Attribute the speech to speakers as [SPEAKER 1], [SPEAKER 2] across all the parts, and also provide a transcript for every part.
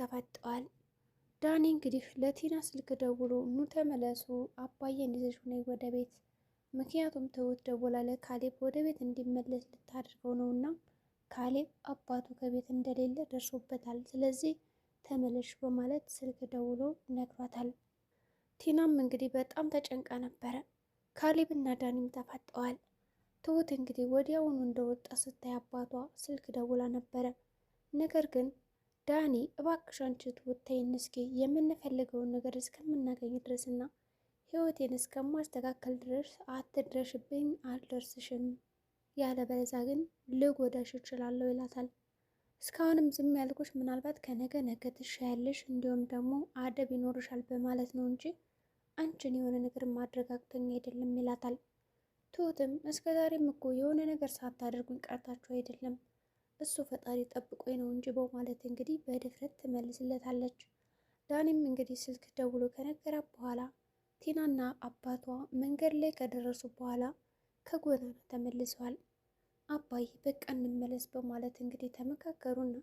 [SPEAKER 1] ተፈጠዋል። ዳኒ እንግዲህ ለቲና ስልክ ደውሎ ኑ ተመለሱ፣ አባዬን ይዘሽ ነይ ወደ ቤት፣ ምክንያቱም ትሁት ደውላ ለካሌብ ወደ ቤት እንዲመለስ ልታደርገው ነው እና ካሌብ አባቱ ከቤት እንደሌለ ደርሶበታል፣ ስለዚህ ተመለሽ በማለት ስልክ ደውሎ ነግሯታል። ቲናም እንግዲህ በጣም ተጨንቃ ነበረ። ካሌብ እና ዳኒም ተፋጠዋል። ትሁት እንግዲህ ወዲያውኑ እንደወጣ ስታይ አባቷ ስልክ ደውላ ነበረ። ነገር ግን ዳኒ እባክሽ አንቺ ትውታይን እስኪ የምንፈልገውን ነገር እስከምናገኝ ድረስና ህይወቴን እስከማስተካከል ድረስ አትድረሽብኝ፣ አልደርስሽም፣ ያለበለዚያ ግን ልጎዳሽ እችላለሁ ይላታል። እስካሁንም ዝም ያልኩሽ ምናልባት ከነገ ነገ ትሻያለሽ፣ እንዲሁም ደግሞ አደብ ይኖርሻል በማለት ነው እንጂ አንቺን የሆነ ነገር ማድረጋግተኝ አይደለም ይላታል። ትሁትም እስከ ዛሬም እኮ የሆነ ነገር ሳታደርጉኝ ቀርታችሁ አይደለም እሱ ፈጣሪ ጠብቆኝ ነው እንጂ በማለት እንግዲህ በድፍረት ትመልስለታለች። ዳኒም እንግዲህ ስልክ ደውሎ ከነገራት በኋላ ቲናና አባቷ መንገድ ላይ ከደረሱ በኋላ ከጎዳና ተመልሰዋል። አባይ በቃ እንመለስ በማለት እንግዲህ ተመካከሩና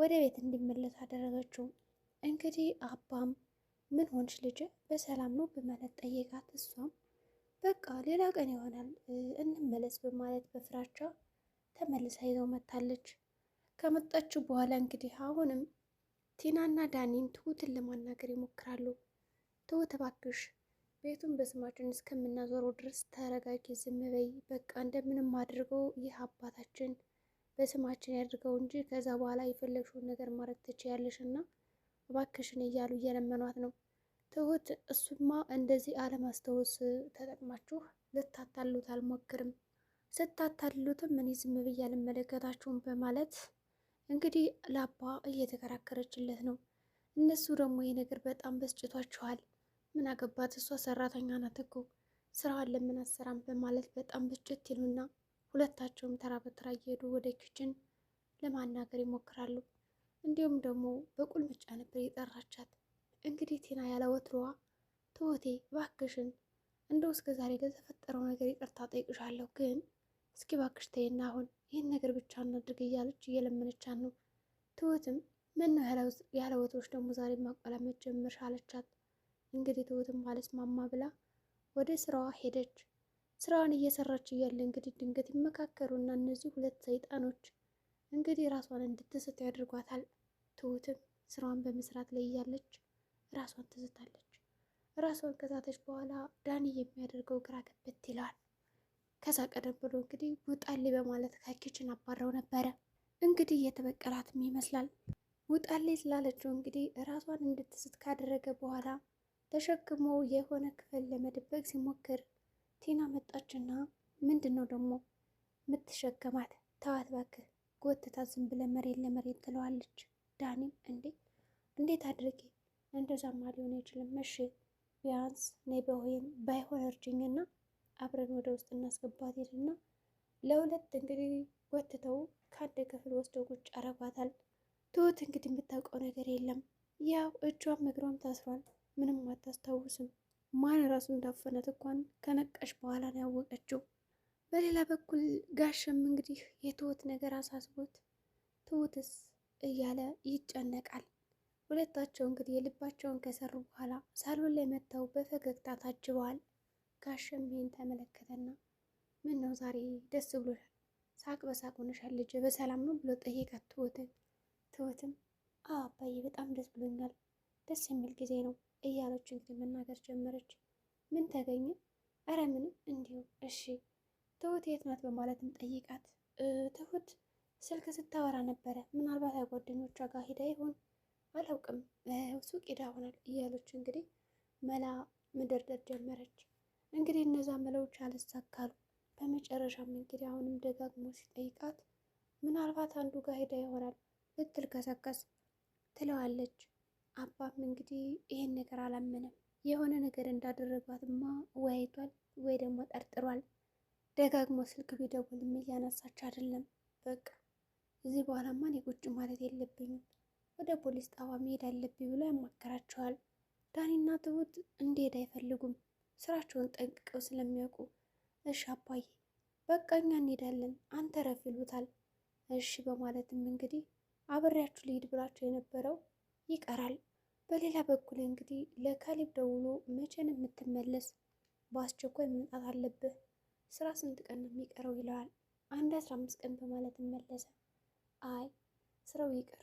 [SPEAKER 1] ወደ ቤት እንዲመለስ አደረገችው። እንግዲህ አባም ምን ሆንሽ ልጅ በሰላም ነው በማለት ጠየቃት። እሷም በቃ ሌላ ቀን ይሆናል እንመለስ በማለት በፍራቻ ተመልሳ ይዘው መታለች። ከመጣችው በኋላ እንግዲህ አሁንም ቲናና ዳኒን ትሁትን ለማናገር ይሞክራሉ። ትሁት እባክሽ ቤቱን በስማችን እስከምናዞረው ድረስ ተረጋጊ፣ ዝም በይ። በቃ እንደምንም አድርገው ይህ አባታችን በስማችን ያድርገው እንጂ ከዛ በኋላ የፈለግሽውን ነገር ማድረግ ትችያለሽ እና እባክሽን እያሉ እየለመኗት ነው። ትሁት እሱማ እንደዚህ አለማስታወስ ተጠቅማችሁ ልታታሉት አልሞክርም ስታታልሉትም እኔ ዝም ብዬ አልመለከታችሁም በማለት እንግዲህ ለአባ እየተከራከረችለት ነው። እነሱ ደግሞ ይህ ነገር በጣም በስጭቷችኋል። ምን አገባት እሷ ሰራተኛ ናት እኮ ስራዋን ለምን አሰራም በማለት በጣም ብጭት ይሉና ሁለታቸውም ተራ በተራ እየሄዱ ወደ ኪችን ለማናገር ይሞክራሉ። እንዲሁም ደግሞ በቁልምጫ ነበር የጠራቻት። እንግዲህ ቴና ያለ ወትሮዋ ትወቴ ባክሽን እንደው እስከ ዛሬ ለተፈጠረው ነገር ይቅርታ ጠይቅሻለሁ ግን እስኪ ባክሽ ተይና አሁን ይህን ነገር ብቻ እናድርግ እያለች እየለመነቻት ነው። ትሁትም ምነው ያለ ወትሮች ደግሞ ዛሬ ማቆላመጥ ጀመርሽ አለቻት። እንግዲህ ትሁትም አልስማማ ብላ ወደ ስራዋ ሄደች። ስራዋን እየሰራች እያለ እንግዲህ ድንገት ይመካከሩና እነዚህ ሁለት ሰይጣኖች እንግዲህ ራሷን እንድትስት ያደርጓታል። ትሁትም ስራዋን በመስራት ላይ እያለች ራሷን ትስታለች። ራሷን ከሳተች በኋላ ዳኒ የሚያደርገው ግራ ገብቶት ይለዋል። ከዛ ቀደም ብሎ እንግዲህ ውጣሌ በማለት ከኪችን አባረው ነበረ። እንግዲህ የተበቀላትም ይመስላል። ውጣሌ ስላለችው እንግዲህ ራሷን እንድትስት ካደረገ በኋላ ተሸክሞ የሆነ ክፍል ለመደበቅ ሲሞክር ቲና መጣችና ምንድን ነው ደግሞ የምትሸከማት ተዋት እባክህ ጎትታ ዝም ብለ መሬት ለመሬት ትለዋለች። ዳኒም እንዴ እንዴት አድርጌ እንደዛማ ሊሆን አይችልም። እሺ ቢያንስ ነይ በሆይም ባይሆን እርጅኝና አብረን ወደ ውስጥ እናስገባታለን እና ለሁለት እንግዲህ ወጥተው ከአንድ ክፍል ወስደው ቁጭ አረጓታል። ትሁት እንግዲህ የምታውቀው ነገር የለም። ያው እጇም እግሯም ታስሯል። ምንም አታስታውስም። ማን ራሱ እንዳፈነት እንኳን ከነቃሽ በኋላ ነው ያወቀችው። በሌላ በኩል ጋሸም እንግዲህ የትሁት ነገር አሳስቦት ትሁትስ እያለ ይጨነቃል። ሁለታቸው እንግዲህ የልባቸውን ከሰሩ በኋላ ሳሎን ላይ መጥተው በፈገግታ ታጅበዋል። ጋሸም ይህን ተመለከተና ምን ነው ዛሬ ደስ ብሎሻል፣ ሳቅ በሳቅ ሆነሻል፣ ልጅ በሰላም ነው ብሎ ጠየቃት። ትሁትን ትሁትም አዎ አባዬ በጣም ደስ ብሎኛል፣ ደስ የሚል ጊዜ ነው እያለች እንግዲህ መናገር ጀመረች። ምን ተገኘ? እረ ምንም እንዲሁ። እሺ ትሁት የት ናት በማለትም ጠይቃት። ትሁት ስልክ ስታወራ ነበረ። ምናልባት ጓደኞቿ ጋር ሂዳ ይሆን አላውቅም፣ ሱቅ ሂዳ ይሆናል እያለች እንግዲህ መላ መደርደር ጀመረች። እንግዲህ እነዛ መለዎች አልሳካሉ። በመጨረሻም እንግዲህ አሁንም ደጋግሞ ሲጠይቃት ምናልባት አንዱ ጋር ሄዳ ይሆናል ልትል ከሰከስ ትለዋለች። አባም እንግዲህ ይህን ነገር አላመነም። የሆነ ነገር እንዳደረጓትማ ወያይቷል ወይ ደግሞ ጠርጥሯል። ደጋግሞ ስልክ ቢደውልም እያነሳች አይደለም። በቃ እዚህ በኋላማ እኔ ቁጭ ማለት የለብኝም ወደ ፖሊስ ጣቢያ መሄድ አለብኝ ብሎ ያማከራቸዋል። ዳኒና ትሁት እንዲሄድ አይፈልጉም። ስራቸውን ጠንቅቀው ስለሚያውቁ እሺ አባዬ በቃ እኛ እንሄዳለን አንተ ረፍ ይሉታል። እሺ በማለትም እንግዲህ አብሬያችሁ ልሂድ ብላቸው የነበረው ይቀራል። በሌላ በኩል እንግዲህ ለካሌብ ደውሎ መቼን የምትመለስ በአስቸኳይ መምጣት አለብህ፣ ስራ ስንት ቀን ነው የሚቀረው ይለዋል። አንድ አስራ አምስት ቀን በማለት መለሰ። አይ ስራው ይቅር፣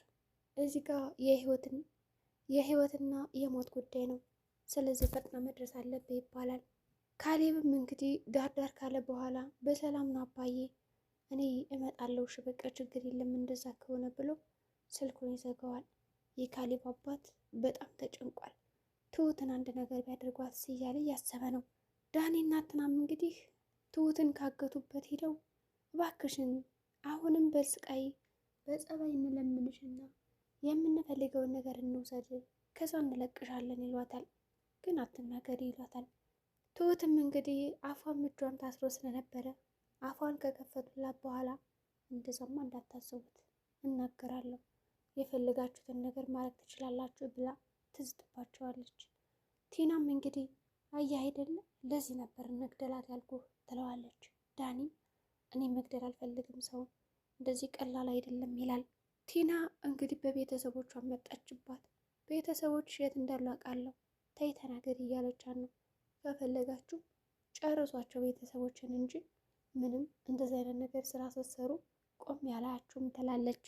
[SPEAKER 1] እዚህ ጋር የህይወትና የሞት ጉዳይ ነው ስለዚህ ፈጥና መድረስ አለብህ ይባላል። ካሌብም እንግዲህ ዳርዳር ካለ በኋላ በሰላም ነው አባዬ፣ እኔ እመጣለሁ ሽበቃ፣ ችግር የለም እንደዛ ከሆነ ብሎ ስልኩን ይዘጋዋል። የካሌብ አባት በጣም ተጨንቋል። ትሁትን አንድ ነገር ቢያደርጓት እያለ እያሰበ ነው። ዳኔና ትናም እንግዲህ ትሁትን ካገቱበት ሄደው እባክሽን አሁንም በስቃይ በጸባይ እንለምንሽና የምንፈልገውን ነገር እንውሰድ፣ ከዛ እንለቅሻለን ይሏታል። ግን አትናገሪ ይሏታል። ትሁትም እንግዲህ አፏን ምጇን ታስሮ ስለነበረ አፏን ከከፈቱላት በኋላ እንደዛማ እንዳታስቡት እናገራለሁ የፈለጋችሁትን ነገር ማለት ትችላላችሁ ብላ ትዝጥባቸዋለች። ቲናም እንግዲህ አየህ አይደለ ለዚህ ነበር መግደላት ያልኩ ትለዋለች። ዳኒም እኔ መግደል አልፈልግም ሰውን እንደዚህ ቀላል አይደለም ይላል። ቲና እንግዲህ በቤተሰቦቿ መጣችባት። ቤተሰቦች የት እንዳሉ አውቃለሁ ተይ ተናገሪ እያለቻት ነው። ከፈለጋችሁ ጨርሷቸው ቤተሰቦችን እንጂ ምንም እንደዚህ አይነት ነገር ስራ ስትሰሩ ቆም ያላችሁም ትላለች።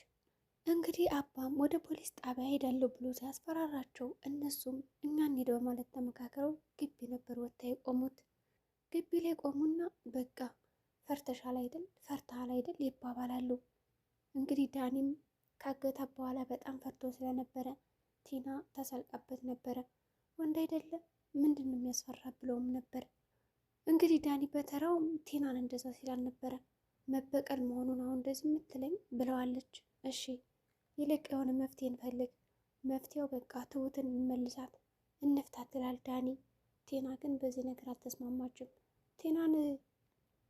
[SPEAKER 1] እንግዲህ አባም ወደ ፖሊስ ጣቢያ ሄዳለሁ ብሎ ሲያስፈራራቸው እነሱም እኛ እንሂድ በማለት ተመካከረው ግቢ ነበር ወታ የቆሙት። ግቢ ላይ ቆሙና በቃ ፈርተሻል አይደል ፈርተሃል አይደል ይባባላሉ። እንግዲህ ዳኒም ካገታ በኋላ በጣም ፈርቶ ስለነበረ ቲና ተሰልቃበት ነበረ። ወንድ አይደለም ምንድን ነው የሚያስፈራ ብለውም ነበር። እንግዲህ ዳኒ በተራው ቴናን እንደዛ ሲላል ነበረ መበቀል መሆኑን አሁን እንደዚህ የምትለኝ ብለዋለች። እሺ ይልቅ የሆነ መፍትሄ እንፈልግ፣ መፍትሄው በቃ ትሁትን እንመልሳት እንፍታት ትላል ዳኒ። ቴና ግን በዚህ ነገር አልተስማማችም። ቴናን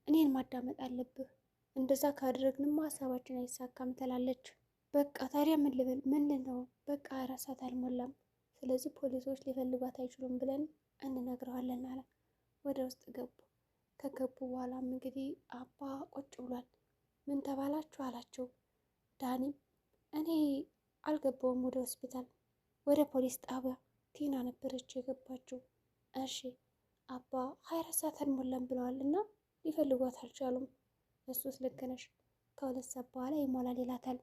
[SPEAKER 1] እኔን ማዳመጥ አለብህ፣ እንደዛ ካደረግንማ ሀሳባችን አይሳካም ትላለች። በቃ ታዲያ ምን ልበል? ምን ነው በቃ ራሳት አልሞላም ስለዚህ ፖሊሶች ሊፈልጓት አይችሉም ብለን እንነግረዋለን አለ። ወደ ውስጥ ገቡ። ከገቡ በኋላም እንግዲህ አባ ቁጭ ብሏል። ምን ተባላችሁ አላቸው። ዳኒም እኔ አልገባውም ወደ ሆስፒታል፣ ወደ ፖሊስ ጣቢያ ቲና ነበረች የገባችው። እሺ አባ ሀያ አራት ሰዓት አልሞላም ብለዋል እና ሊፈልጓት አልቻሉም። እሱስ ልክ ነሽ፣ ከሁለት ሰዓት በኋላ ይሞላል ይላታል።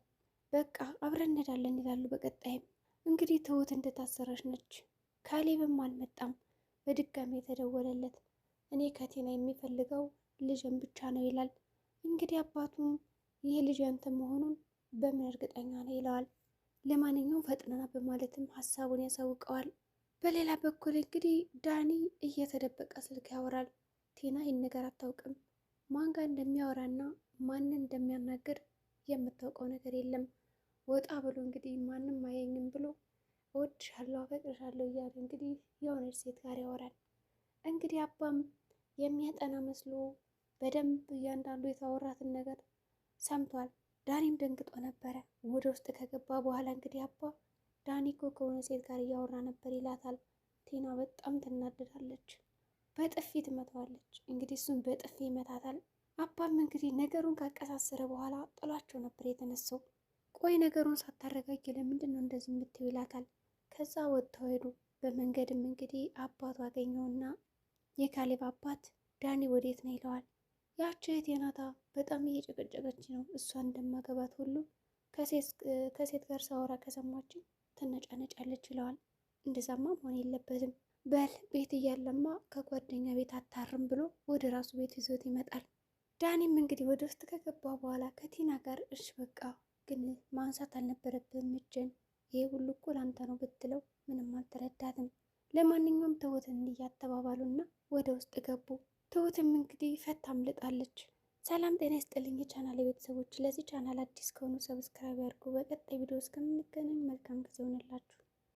[SPEAKER 1] በቃ አብረን እንሄዳለን ይላሉ። በቀጣይም እንግዲህ ትሁት እንደታሰረች ነች። ካሌብም አልመጣም። በድጋሚ የተደወለለት እኔ ከቴና የሚፈልገው ልጅን ብቻ ነው ይላል። እንግዲህ አባቱም ይህ ልጅ ያንተ መሆኑን በምን እርግጠኛ ነው ይለዋል። ለማንኛውም ፈጥነና በማለትም ሀሳቡን ያሳውቀዋል። በሌላ በኩል እንግዲህ ዳኒ እየተደበቀ ስልክ ያወራል። ቴና ይህን ነገር አታውቅም። ማን ጋር እንደሚያወራና ማንን እንደሚያናግር የምታውቀው ነገር የለም። ወጣ ብሎ እንግዲህ ማንም አየኝም ብሎ እወድሻለሁ አፈቅርሻለሁ እያለ እንግዲህ የሆነች ሴት ጋር ያወራል። እንግዲህ አባም የሚያጠና መስሎ በደንብ እያንዳንዱ የታወራትን ነገር ሰምቷል። ዳኒም ደንግጦ ነበረ። ወደ ውስጥ ከገባ በኋላ እንግዲህ አባ ዳኒ እኮ ከሆነ ሴት ጋር እያወራ ነበር ይላታል። ቴና በጣም ትናደዳለች፣ በጥፊ ትመታዋለች። እንግዲህ እሱም በጥፊ ይመታታል። አባም እንግዲህ ነገሩን ካቀሳሰረ በኋላ ጥሏቸው ነበር የተነሳው። ቆይ ነገሩን ሳታረጋጊ ለምንድን ነው እንደዚህ የምትይው ይላታል። ከዛ ወጥተው ሄዱ። በመንገድም እንግዲህ አባቱ አገኘውና የካሌብ አባት ዳኒ ወዴት ነው ይለዋል። ያቺ የቴናታ በጣም እየጨቀጨቀች ነው እሷ እንደማገባት ሁሉ ከሴት ጋር ሳወራ ከሰማችን ትነጫነጫለች ይለዋል። እንደዛማ መሆን የለበትም በል ቤት እያለማ ከጓደኛ ቤት አታርም ብሎ ወደ ራሱ ቤት ይዞት ይመጣል። ዳኒም እንግዲህ ወደ ውስጥ ከገባ በኋላ ከቲና ጋር እሽ በቃ ግን ማንሳት አልነበረብህም እጅን። ይህ ሁሉ እኮ ላንተ ነው ብትለው ምንም አልተረዳትም። ለማንኛውም ትሁትን እያተባባሉና ወደ ውስጥ ገቡ። ትሁትም እንግዲህ ፈታ አምልጣለች። ሰላም ጤና ይስጥልኝ የቻናል ቤተሰቦች፣ ለዚህ ቻናል አዲስ ከሆኑ ሰብስክራይብ ያድርጉ። በቀጣይ ቪዲዮ እስከምንገናኝ መልካም ጊዜ ይሆንላችሁ።